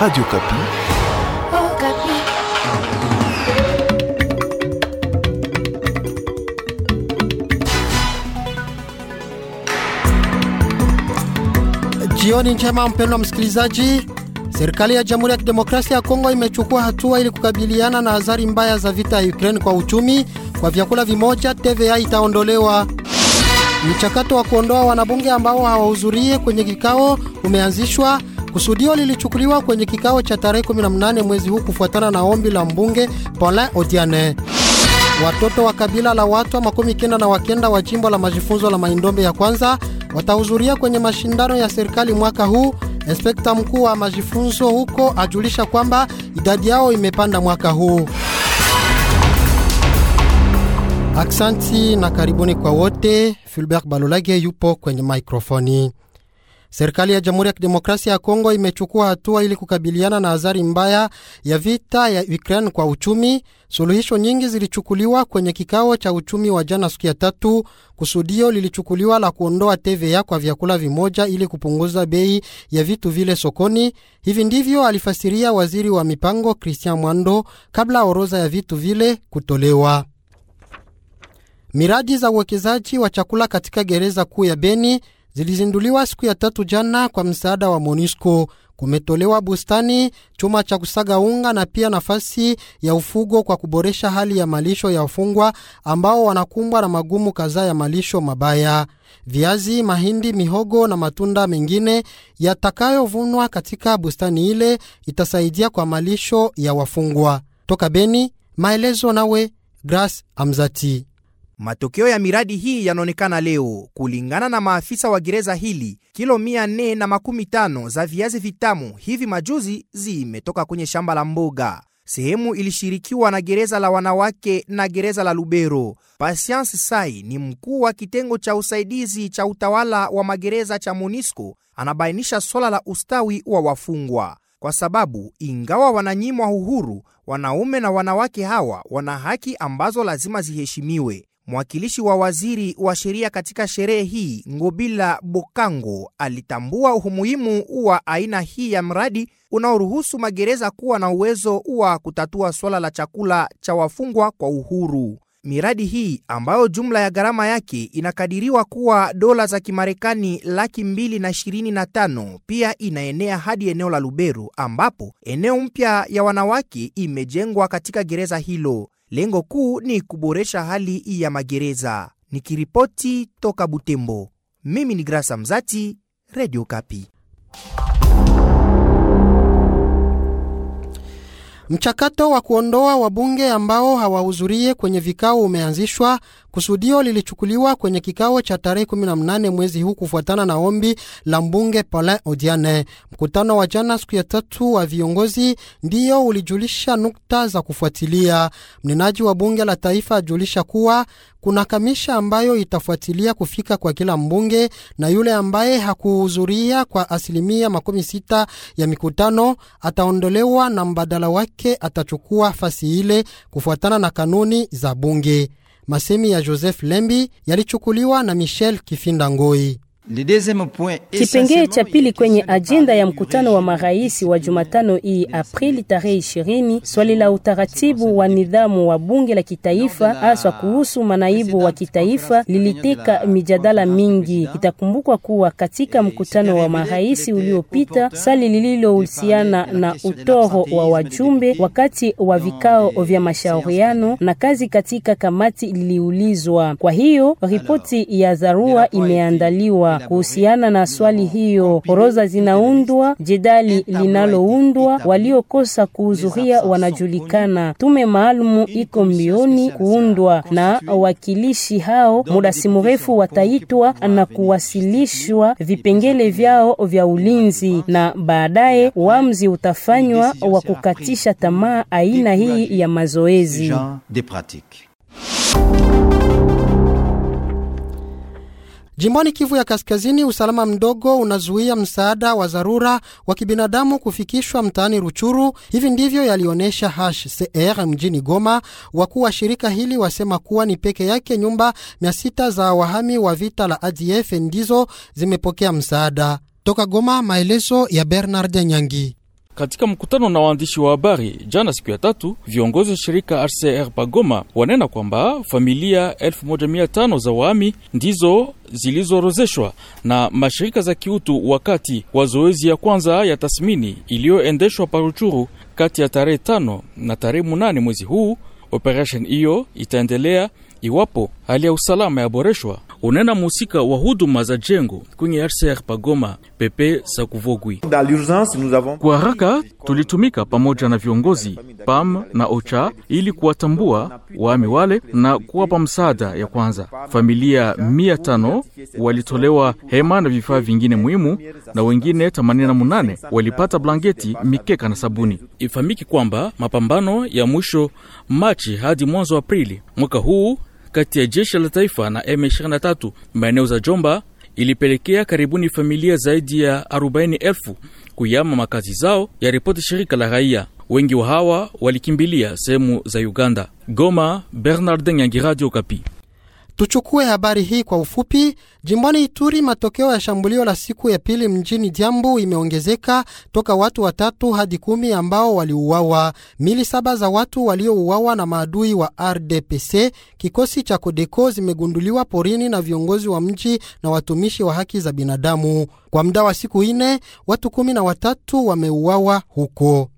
Radio Kapi. Oh, Kapi. Jioni njema mpendwa msikilizaji. Serikali ya Jamhuri ya Kidemokrasia ya Kongo imechukua hatua ili kukabiliana na athari mbaya za vita ya Ukraine kwa uchumi. Kwa vyakula vimoja TVA itaondolewa. Mchakato wa kuondoa wanabunge ambao hawahudhurie kwenye kikao umeanzishwa. Kusudio lilichukuliwa kwenye kikao cha tarehe 18 mwezi huu kufuatana na ombi la mbunge Paulin Odiane. Watoto wa kabila la watu makumi kenda na wakenda wa jimbo la majifunzo la Maindombe ya kwanza watahudhuria kwenye mashindano ya serikali mwaka huu. Inspekta mkuu wa majifunzo huko ajulisha kwamba idadi yao imepanda mwaka huu. Aksanti na karibuni kwa wote. Fulbert Balolage yupo kwenye mikrofoni. Serikali ya Jamhuri ya Kidemokrasia ya Kongo imechukua hatua ili kukabiliana na athari mbaya ya vita ya Ukraine kwa uchumi. Suluhisho nyingi zilichukuliwa kwenye kikao cha uchumi wa jana siku ya tatu. Kusudio lilichukuliwa la kuondoa TVA kwa vyakula vimoja ili kupunguza bei ya vitu vile sokoni. Hivi ndivyo alifasiria waziri wa mipango Christian Mwando kabla orodha ya vitu vile kutolewa. Miradi za uwekezaji wa chakula katika gereza kuu ya Beni zilizinduliwa siku ya tatu jana kwa msaada wa MONUSCO. Kumetolewa bustani, chuma cha kusaga unga na pia nafasi ya ufugo kwa kuboresha hali ya malisho ya wafungwa ambao wanakumbwa na magumu kadhaa ya malisho mabaya. Viazi, mahindi, mihogo na matunda mengine yatakayovunwa katika bustani ile itasaidia kwa malisho ya wafungwa. Toka Beni, maelezo nawe Grace Amzati. Matokeo ya miradi hii yanaonekana leo. Kulingana na maafisa wa gereza hili, kilo mia nne na makumi tano za viazi vitamu hivi majuzi zimetoka kwenye shamba la mboga. Sehemu ilishirikiwa na gereza la wanawake na gereza la Lubero. Patience Sai ni mkuu wa kitengo cha usaidizi cha utawala wa magereza cha MONUSCO, anabainisha swala la ustawi wa wafungwa kwa sababu ingawa wananyimwa uhuru, wanaume na wanawake hawa wana haki ambazo lazima ziheshimiwe. Mwakilishi wa waziri wa sheria katika sherehe hii, Ngobila Bokango, alitambua umuhimu wa aina hii ya mradi unaoruhusu magereza kuwa na uwezo wa kutatua swala la chakula cha wafungwa kwa uhuru. Miradi hii ambayo jumla ya gharama yake inakadiriwa kuwa dola za Kimarekani laki mbili na ishirini na tano pia inaenea hadi eneo la luberu ambapo eneo mpya ya wanawake imejengwa katika gereza hilo. Lengo kuu ni kuboresha hali ya magereza. Nikiripoti toka Butembo, mimi ni Grasa Mzati, Radio Kapi. Mchakato wa kuondoa wabunge ambao hawahudhurie kwenye vikao umeanzishwa. Kusudio lilichukuliwa kwenye kikao cha tarehe 18 mwezi huu kufuatana na ombi la mbunge Paulin Odiane. Mkutano wa jana siku ya tatu wa viongozi ndiyo ulijulisha nukta za kufuatilia. Mnenaji wa bunge la taifa ajulisha kuwa kuna kamisha ambayo itafuatilia kufika kwa kila mbunge na yule ambaye hakuhudhuria kwa asilimia makumi sita ya mikutano ataondolewa na mbadala wake atachukua fasi ile kufuatana na kanuni za bunge. Masemi ya Joseph Lembi yalichukuliwa na Michel Kifinda Ngoi. Kipengee cha pili kwenye ajenda ya mkutano wa marais wa Jumatano hii Aprili tarehe ishirini, swali la utaratibu wa nidhamu wa bunge la kitaifa haswa kuhusu manaibu wa kitaifa liliteka mijadala mingi. Itakumbukwa kuwa katika mkutano wa marais uliopita, swali lililohusiana na utoro wa wajumbe wakati wa vikao vya mashauriano na kazi katika kamati liliulizwa. Kwa hiyo ripoti ya dharura imeandaliwa kuhusiana na swali hiyo. Orodha zinaundwa, jedali linaloundwa, waliokosa kuhudhuria wanajulikana. Tume maalumu iko mbioni kuundwa, na wakilishi hao muda si mrefu wataitwa na kuwasilishwa vipengele vyao vya ulinzi, na baadaye uamuzi utafanywa wa kukatisha tamaa aina hii ya mazoezi. Jimboni Kivu ya Kaskazini, usalama mdogo unazuia msaada wa dharura wa kibinadamu kufikishwa mtaani Ruchuru. Hivi ndivyo yalionyesha HCR mjini Goma. Wakuu wa shirika hili wasema kuwa ni peke yake nyumba mia sita za wahami wa vita la ADF ndizo zimepokea msaada toka Goma. Maelezo ya Bernard Nyangi. Katika mkutano na waandishi wa habari jana siku ya tatu, viongozi wa shirika RCR Pagoma wanena kwamba familia 1500 za waami ndizo zilizoorozeshwa na mashirika za kiutu wakati wa zoezi ya kwanza ya tathmini iliyoendeshwa Paruchuru kati ya tarehe tano na tarehe munane mwezi huu. Operation hiyo itaendelea iwapo hali ya usalama yaboreshwa. Unena musika wa huduma za jengo kwenye RCR Pagoma, Pepe Sakuvogwi. Kwa haraka tulitumika pamoja na viongozi PAM na OCHA ili kuwatambua waami wale na kuwapa msaada ya kwanza. Familia mia tano walitolewa hema na vifaa vingine muhimu, na wengine 88 walipata blanketi, mikeka na sabuni. Ifahamike kwamba mapambano ya mwisho Machi hadi mwanzo Aprili mwaka huu kati ya jeshi la taifa na M23 maeneo za Jomba ilipelekea karibuni familia zaidi ya 40,000 kuyama makazi zao, ya ripoti shirika la raia. Wengi wa hawa walikimbilia sehemu za Uganda. Goma, Bernard Yangi, Radio Kapi. Tuchukue habari hii kwa ufupi. Jimboni Ituri, matokeo ya shambulio la siku ya pili mjini Jambu imeongezeka toka watu watatu hadi kumi ambao waliuawa. Mili saba za watu waliouawa na maadui wa RDPC kikosi cha Kodeko zimegunduliwa porini na viongozi wa mji na watumishi wa haki za binadamu. Kwa muda wa siku ine, watu kumi na watatu wameuawa huko.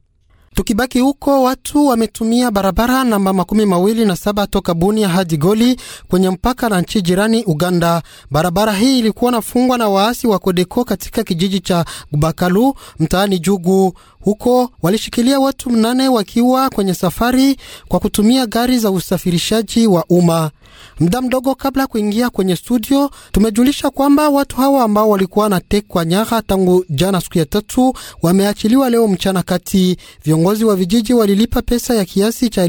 Tukibaki huko, watu wametumia barabara namba makumi mawili na saba toka Bunia hadi Goli kwenye mpaka na nchi jirani Uganda. Barabara hii ilikuwa nafungwa na waasi wa Kodeko katika kijiji cha Gubakalu mtaani Jugu. Huko walishikilia watu mnane wakiwa kwenye safari kwa kutumia gari za usafirishaji wa umma. Muda mdogo kabla ya kuingia kwenye studio, tumejulisha kwamba watu hawa ambao walikuwa na tekwa nyara tangu jana siku ya tatu wameachiliwa leo mchana kati Viongo viongozi wa vijiji walilipa pesa ya kiasi cha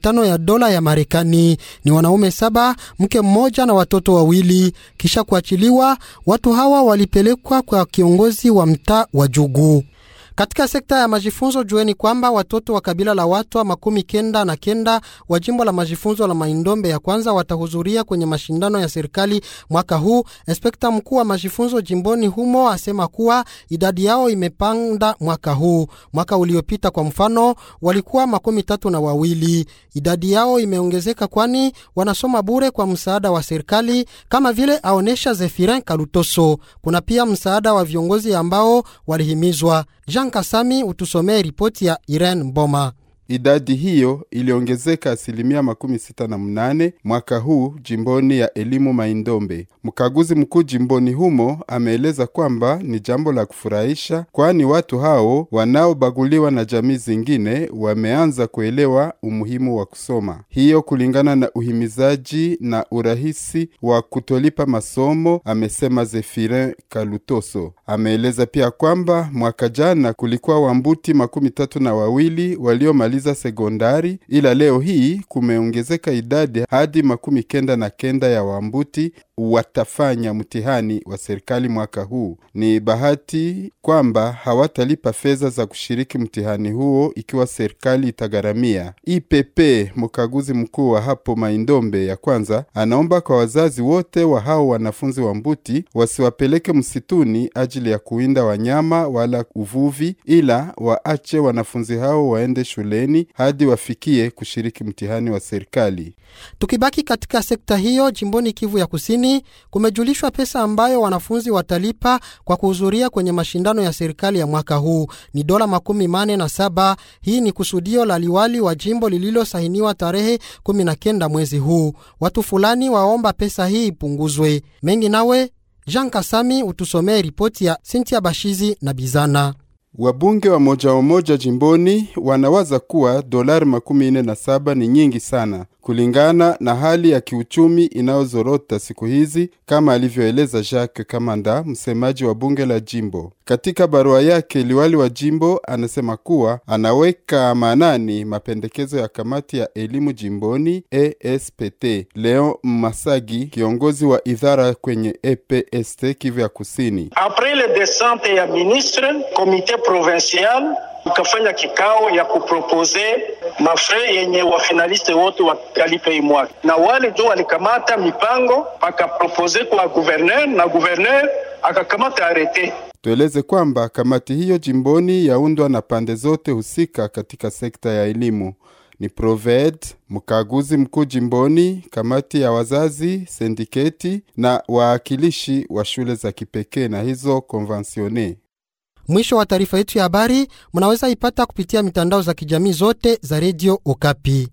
tano ya dola ya Marekani. Ni wanaume saba, mke mmoja na watoto wawili. Kisha kuachiliwa, watu hawa walipelekwa kwa kiongozi wa mtaa wa Jugu. Katika sekta ya majifunzo, jueni kwamba watoto wa kabila la Watwa makumi kenda na kenda wa jimbo la majifunzo la Maindombe ya kwanza watahudhuria kwenye mashindano ya serikali mwaka huu. Inspekta mkuu wa majifunzo jimboni humo asema kuwa idadi yao imepanda mwaka huu. Mwaka uliopita kwa mfano walikuwa makumi tatu na wawili. Idadi yao imeongezeka kwani wanasoma bure kwa msaada wa serikali, kama vile aonesha Zefirin Kalutoso. Kuna pia msaada wa viongozi ambao walihimizwa Jean Kasami utusomee ripoti ya Irene Mboma. Idadi hiyo iliongezeka asilimia makumi sita na mnane mwaka huu jimboni ya elimu Maindombe. Mkaguzi mkuu jimboni humo ameeleza kwamba ni jambo la kufurahisha, kwani watu hao wanaobaguliwa na jamii zingine wameanza kuelewa umuhimu wa kusoma, hiyo kulingana na uhimizaji na urahisi wa kutolipa masomo, amesema Zefirin Kalutoso. Ameeleza pia kwamba mwaka jana kulikuwa wambuti makumi tatu na wawili waliomaliza kumaliza sekondari, ila leo hii kumeongezeka idadi hadi makumi kenda na kenda ya Wambuti watafanya mtihani wa serikali mwaka huu. Ni bahati kwamba hawatalipa fedha za kushiriki mtihani huo ikiwa serikali itagharamia. IPP mkaguzi mkuu wa hapo Maindombe ya kwanza anaomba kwa wazazi wote wa hao wanafunzi wa Mbuti wasiwapeleke msituni ajili ya kuwinda wanyama wala uvuvi, ila waache wanafunzi hao waende shuleni shuleni hadi wafikie kushiriki mtihani wa serikali. Tukibaki katika sekta hiyo, jimboni Kivu ya Kusini, kumejulishwa pesa ambayo wanafunzi watalipa kwa kuhudhuria kwenye mashindano ya serikali ya mwaka huu ni dola makumi mane na saba. Hii ni kusudio la liwali wa jimbo lililosahiniwa tarehe kumi na kenda mwezi huu. Watu fulani waomba pesa hii ipunguzwe. Mengi nawe Jean Kasami utusomee ripoti ya Sintia Bashizi na Bizana. Wabunge wa moja wa moja jimboni wanawaza kuwa dolari makumi nne na saba ni nyingi sana kulingana na hali ya kiuchumi inayozorota siku hizi, kama alivyoeleza Jacques Kamanda, msemaji wa bunge la jimbo. Katika barua yake, liwali wa jimbo anasema kuwa anaweka maanani mapendekezo ya kamati ya elimu jimboni ESPT. Leon Masagi, kiongozi wa idara kwenye EPST Kivu ya Kusini, apres le ya ministre provincial tukafanya kikao ya kupropose mafre yenye wafinaliste wote wakalipe imwaka, na wale ndio walikamata mipango pakapropose kwa guverner na guverner akakamata arete. Tueleze kwamba kamati hiyo jimboni yaundwa na pande zote husika katika sekta ya elimu ni Proved, mkaguzi mkuu jimboni, kamati ya wazazi, sendiketi na waakilishi wa shule za kipekee na hizo konvensione. Mwisho wa taarifa yetu ya habari mnaweza ipata kupitia mitandao za kijamii zote za redio Okapi.